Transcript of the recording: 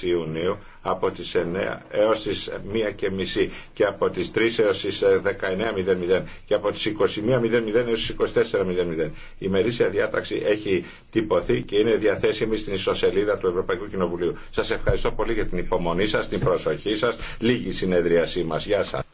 Ιουνίου από τις 9 έως τις 1 και μισή και από τις 3 έως τις 19.00 ε, και από τις 21.00 έως τις 24.00. Η μερίσια διάταξη έχει τυπωθεί και είναι διαθέσιμη στην ιστοσελίδα του Ευρωπαϊκού Κοινοβουλίου. Σας ευχαριστώ πολύ για την υπομονή σας, την προσοχή σας. Λίγη συνεδρίασή μας. Γεια σας.